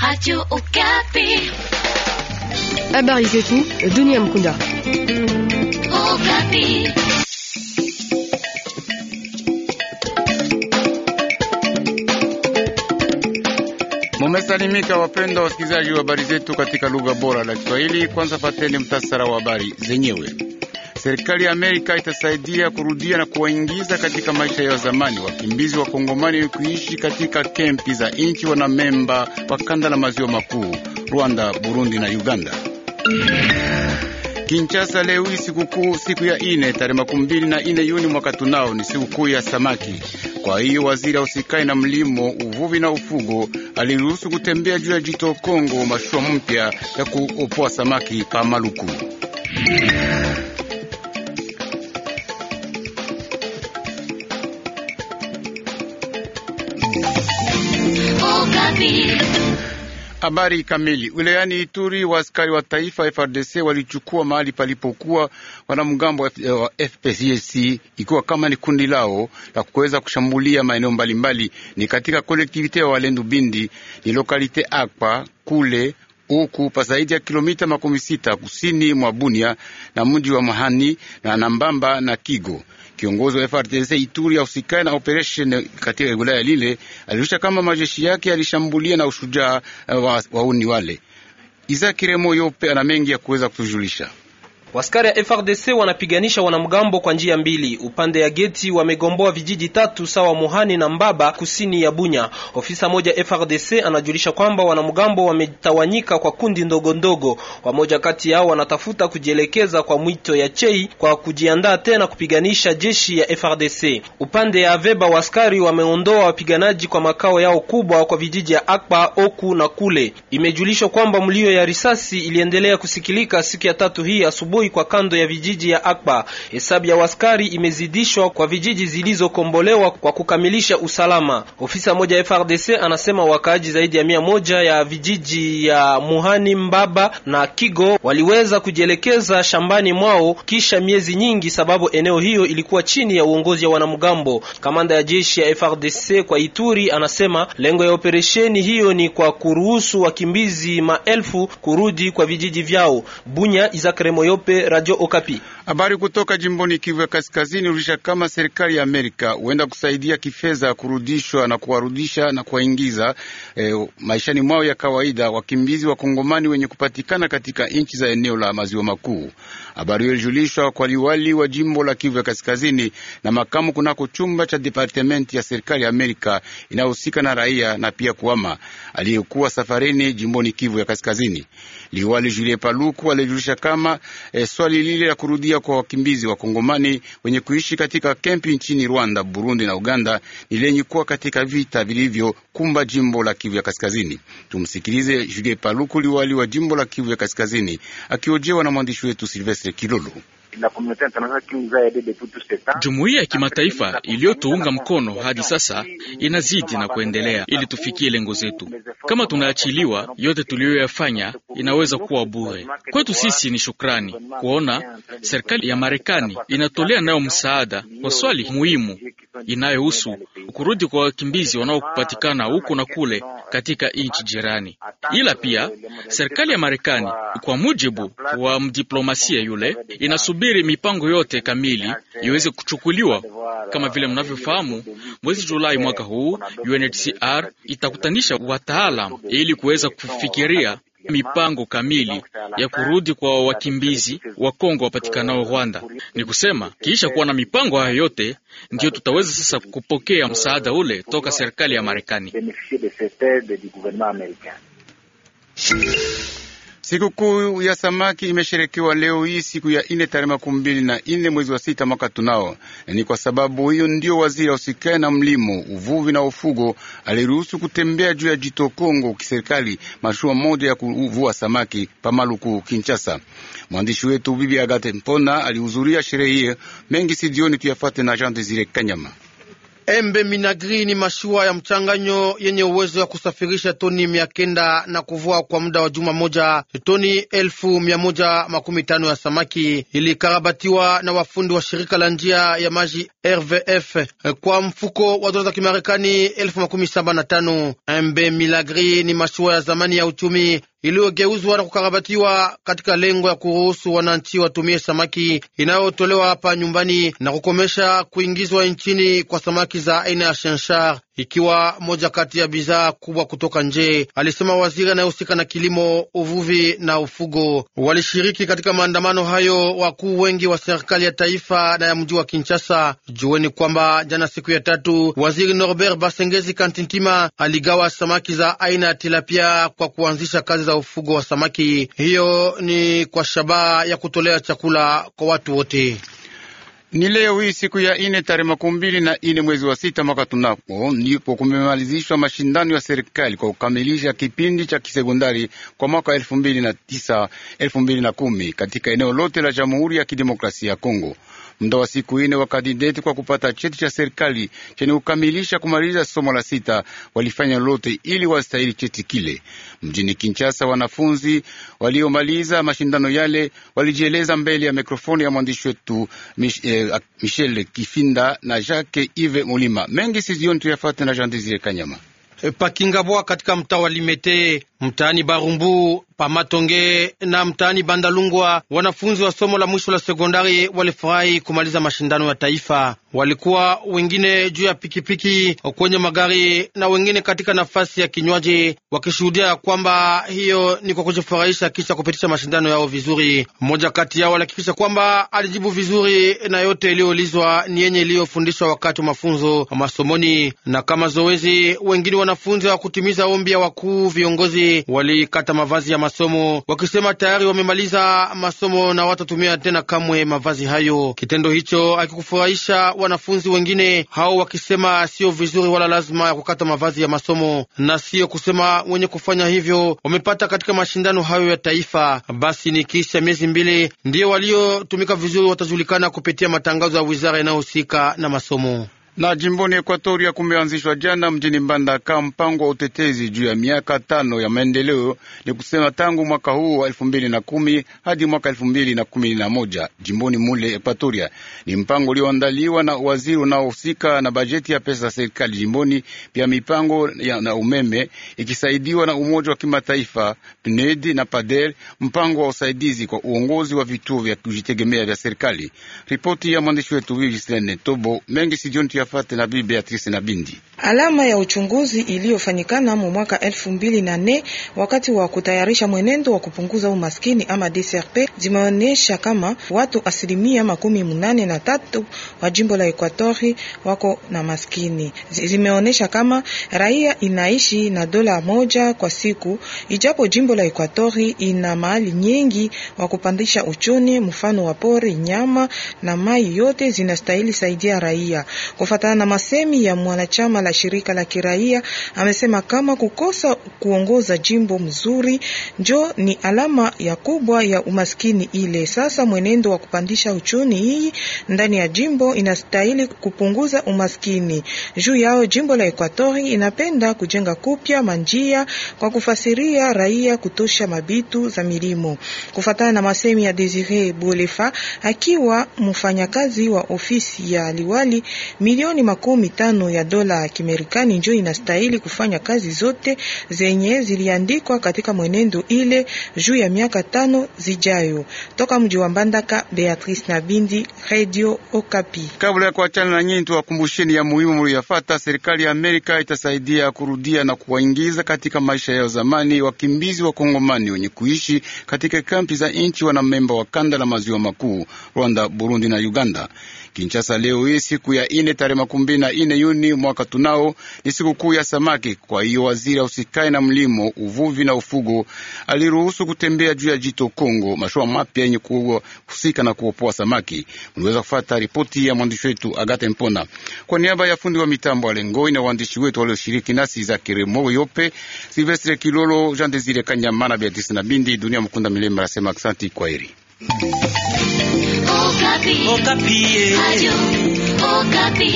Radio Okapi. Habari eh zetu dunia mkunda. Okapi. Mumesalimika wapenda wasikilizaji wa habari zetu katika lugha bora la Kiswahili. Kwanza pateni mtasara wa habari zenyewe. Serikali ya Amerika itasaidia kurudia na kuwaingiza katika maisha ya zamani wakimbizi wa Kongomani kuishi katika kempi za nchi memba wa kanda la maziwa makuu, Rwanda, Burundi na Uganda. Kinshasa leo hii sikukuu, siku ya ine tarehe makumi mbili na ine Yuni mwaka tunao ni sikukuu ya samaki. Kwa hiyo waziri usikai na mlimo, uvuvi na ufugo aliruhusu kutembea juu ya jito Kongo mashua mpya ya kuopoa samaki pa Maluku. Habari kamili. Wilayani Ituri, wa askari wa taifa FRDC walichukua mahali palipokuwa wanamgambo wa FPCC eh, ikiwa kama ni kundi lao la kuweza kushambulia maeneo mbalimbali, ni katika kolektivite ya wa Walendu Bindi, ni lokalite akpa kule huku pa zaidi ya kilomita makumi sita kusini mwa Bunia na mji wa Mahani na Nambamba na Kigo. Kiongozi wa FRDC Ituri ausikae na operation katika wilaya lile alirusha kama majeshi yake alishambulia na ushujaa eh, wauni wa wale. Izakiremo Yope ana mengi ya kuweza kutujulisha. Waskari ya FRDC wanapiganisha wanamgambo kwa njia mbili. Upande ya geti wamegomboa vijiji tatu sawa Muhani na Mbaba kusini ya Bunya. Ofisa moja FRDC anajulisha kwamba wanamgambo wametawanyika kwa kundi ndogo ndogo. Wamoja kati yao wanatafuta kujielekeza kwa mwito ya Chei kwa kujiandaa tena kupiganisha jeshi ya FRDC. Upande ya veba waskari wameondoa wapiganaji kwa makao yao kubwa kwa vijiji ya Akpa, Oku na Kule. Imejulishwa kwamba mlio ya risasi iliendelea kusikilika siku ya tatu hii asubuhi asubuhi kwa kando ya vijiji ya Akba. Hesabu ya waskari imezidishwa kwa vijiji zilizokombolewa kwa kukamilisha usalama. Ofisa moja ya FRDC anasema wakaaji zaidi ya mia moja ya vijiji ya Muhani, Mbaba na Kigo waliweza kujielekeza shambani mwao kisha miezi nyingi, sababu eneo hiyo ilikuwa chini ya uongozi wa wanamgambo. Kamanda ya jeshi ya FRDC kwa Ituri anasema lengo ya operesheni hiyo ni kwa kuruhusu wakimbizi maelfu kurudi kwa vijiji vyao. Bunya Isaac Remoyope pe Radio Okapi. Habari kutoka jimboni Kivu ya Kaskazini ulisha kama serikali ya Amerika huenda kusaidia kifedha kurudishwa na kuwarudisha na kuwaingiza eh, maishani mwao ya kawaida wakimbizi wa Kongomani wenye kupatikana katika nchi za eneo la maziwa makuu. Habari hiyo ilijulishwa kwa liwali wa jimbo la Kivu ya Kaskazini na makamu kunako chumba cha departementi ya serikali ya Amerika inayohusika na raia na pia kuama aliyekuwa safarini jimboni Kivu ya Kaskazini. Liwali Julie Paluku alijulisha kama eh, swali lile la kurudia kwa wakimbizi wa Kongomani wenye kuishi katika kempi nchini Rwanda, Burundi na Uganda ni lenye kuwa katika vita vilivyokumba jimbo la Kivu ya Kaskazini. Tumsikilize Julie Paluku, liwali wa jimbo la Kivu ya Kaskazini, akiojewa na mwandishi wetu Silvestre Kilolo. Jumuiya ya kimataifa iliyotuunga mkono hadi sasa inazidi na kuendelea ili tufikie lengo zetu. Kama tunaachiliwa, yote tuliyoyafanya inaweza kuwa bure kwetu. Sisi ni shukrani kuona serikali ya Marekani inatolea nayo msaada kwa swali muhimu inayohusu kurudi kwa wakimbizi wanaopatikana huku na kule katika nchi jirani. Ila pia serikali ya Marekani, kwa mujibu wa mdiplomasia yule, inasubiri mipango yote kamili iweze kuchukuliwa. Kama vile mnavyofahamu, mwezi Julai mwaka huu UNHCR itakutanisha wataalam ili kuweza kufikiria mipango kamili ya kurudi kwa wakimbizi wa Kongo wapatikanao Rwanda. Ni kusema kisha kuwa na mipango hayo yote, ndiyo tutaweza sasa kupokea msaada ule toka serikali ya Marekani. Sikukuu ya samaki imesherekewa leo hii siku ya ine tarehe makumi mbili na ine mwezi wa sita mwaka tunao. Ni kwa sababu hiyo ndio waziri usikae na mlimo, uvuvi na ufugo aliruhusu kutembea juu ya jito Kongo kiserikali mashua moja ya kuvua samaki pa Maluku, Kinshasa. Mwandishi wetu bibi Agate Mpona alihudhuria sherehe hiyo. Mengi sidioni tuyafate na Jean Desire Kanyama. Embe Minagri ni mashua ya mchanganyo yenye uwezo wa kusafirisha toni mia kenda na kuvua kwa muda wa juma moja toni elfu mia moja makumi tano ya samaki. Ilikarabatiwa na wafundi wa shirika la njia ya maji RVF eh, kwa mfuko wa dola za Kimarekani elfu makumi saba na tano. MB Milagri ni mashua ya zamani ya uchumi iliyogeuzwa na kukarabatiwa katika lengo ya kuruhusu wananchi watumie samaki inayotolewa hapa nyumbani na kukomesha kuingizwa nchini kwa samaki za aina ya shenshar ikiwa moja kati ya bidhaa kubwa kutoka nje, alisema waziri anayehusika na kilimo, uvuvi na ufugo. Walishiriki katika maandamano hayo wakuu wengi wa serikali ya taifa na ya mji wa Kinshasa. Jueni kwamba jana siku ya tatu, waziri Norbert Basengezi Kantintima aligawa samaki za aina ya tilapia kwa kuanzisha kazi za ufugo wa samaki. Hiyo ni kwa shabaha ya kutolea chakula kwa watu wote. Ni leo hii siku ya ine tarehe makumi mbili na ine mwezi wa sita mwaka tunako ndipo kumemalizishwa mashindano ya serikali kwa kukamilisha kipindi cha kisekondari kwa mwaka elfu mbili na tisa elfu mbili na kumi katika eneo lote la Jamhuri ya Kidemokrasia ya Kongo muda wa siku ine. kandideti kwa kupata cheti cha serikali chenye kukamilisha kumaliza somo la sita walifanya lote ili wastahili cheti kile. Mjini Kinshasa, wanafunzi waliomaliza mashindano yale walijieleza mbele ya mikrofoni ya mwandishi wetu Mich eh, Michel Kifinda na Jacques Ive Mulima. Mengi sizioni tuyafate na Jean Desire Kanyama. Eh, Pakingabwa katika mtaa wa Limete mtaani Barumbu Pamatonge na mtaani Bandalungwa, wanafunzi wa somo la mwisho la sekondari walifurahi kumaliza mashindano ya taifa. Walikuwa wengine juu ya pikipiki, kwenye magari na wengine katika nafasi ya kinywaji, wakishuhudia kwamba hiyo ni kwa kujifurahisha kisha kupitisha mashindano yao vizuri. Mmoja kati yao alihakikisha kwamba alijibu vizuri na yote iliyoulizwa ni yenye iliyofundishwa wakati wa mafunzo masomoni, na kama zoezi, wengine wanafunzi kutimiza ombi ya wakuu viongozi walikata mavazi ya masomo, wakisema tayari wamemaliza masomo na watatumia tena kamwe mavazi hayo. Kitendo hicho akikufurahisha wanafunzi wengine hao, wakisema siyo vizuri wala lazima ya kukata mavazi ya masomo, na siyo kusema wenye kufanya hivyo wamepata katika mashindano hayo ya taifa. Basi ni kisha miezi mbili ndiyo waliotumika vizuri watajulikana kupitia matangazo ya wizara inayohusika na masomo. Na jimboni Ekuatoria kumeanzishwa jana mjini Mbandaka mpango wa utetezi juu ya miaka tano ya maendeleo, ni kusema tangu mwaka huu wa elfu mbili na kumi hadi mwaka elfu mbili na kumi na moja jimboni mule Ekuatoria. Ni mpango ulioandaliwa na waziri unaohusika na bajeti ya pesa za serikali jimboni, pia mipango ya na umeme ikisaidiwa na Umoja wa Kimataifa PNUD e na PADEL, mpango wa usaidizi kwa uongozi wa vituo vya kujitegemea vya serikali. Ripoti ya mwandishi wetu Tobo mengi sijoni tuyafate na Bibi Beatrice na Bindi. Alama ya uchunguzi iliyofanyikana mu mwaka elfu mbili na nne wakati wa kutayarisha mwenendo wa kupunguza umaskini ama DCRP zimeonyesha kama watu asilimia makumi munane na tatu wa jimbo la Ekwatori wako na maskini. Zimeonyesha kama raia inaishi na dola moja kwa siku, ijapo jimbo la Ekwatori ina mahali nyingi wa kupandisha uchuni, mfano wa pori, nyama na mai, yote zinastahili saidia raia Kufatana na masemi ya mwanachama la shirika la kiraia, amesema kama kukosa kuongoza jimbo mzuri njo ni alama ya kubwa ya umaskini ile. Sasa mwenendo wa kupandisha uchumi hii ndani ya jimbo inastahili kupunguza umaskini. Juu yao jimbo la Ekwatori inapenda kujenga kupya manjia kwa kufasiria raia kutosha mabitu za milimo. Kufatana na masemi ya Desire Bolefa akiwa mfanyakazi wa ofisi ya liwali mili Milioni makumi tano ya dola ya Kimerikani njo inastahili kufanya kazi zote zenye ziliandikwa katika mwenendo ile juu ya miaka tano zijayo. Toka mji wa Mbandaka, Beatrice Nabindi, Radio Okapi. Kabla ya kuachana na nyinyi, tuwakumbusheni ya muhimu mliyofata. Serikali ya Amerika itasaidia kurudia na kuwaingiza katika maisha yao zamani wakimbizi wa Kongomani wenye kuishi katika kampi za nchi memba wa kanda la maziwa makuu, Rwanda, Burundi na Uganda. Kinshasa leo hii siku ya ine tarehe makumi na ine Yuni mwaka tunao ni sikukuu ya samaki. Kwa hiyo waziri usikae na mlimo, uvuvi na ufugo aliruhusu kutembea juu ya jito Kongo mashua mapya yenye kuhusika na kuopoa samaki. Mliweza kufata ripoti ya mwandishi wetu Agate Mpona kwa niaba ya fundi wa mitambo Alengoi na waandishi wetu walioshiriki nasi za Kiremo Yope, Silvestre Kilolo, Jean Desire Kanyamana, na Beatrice na Bindi. Dunia Mkunda Milemba anasema asante, kwaheri. Oh, Ocapi.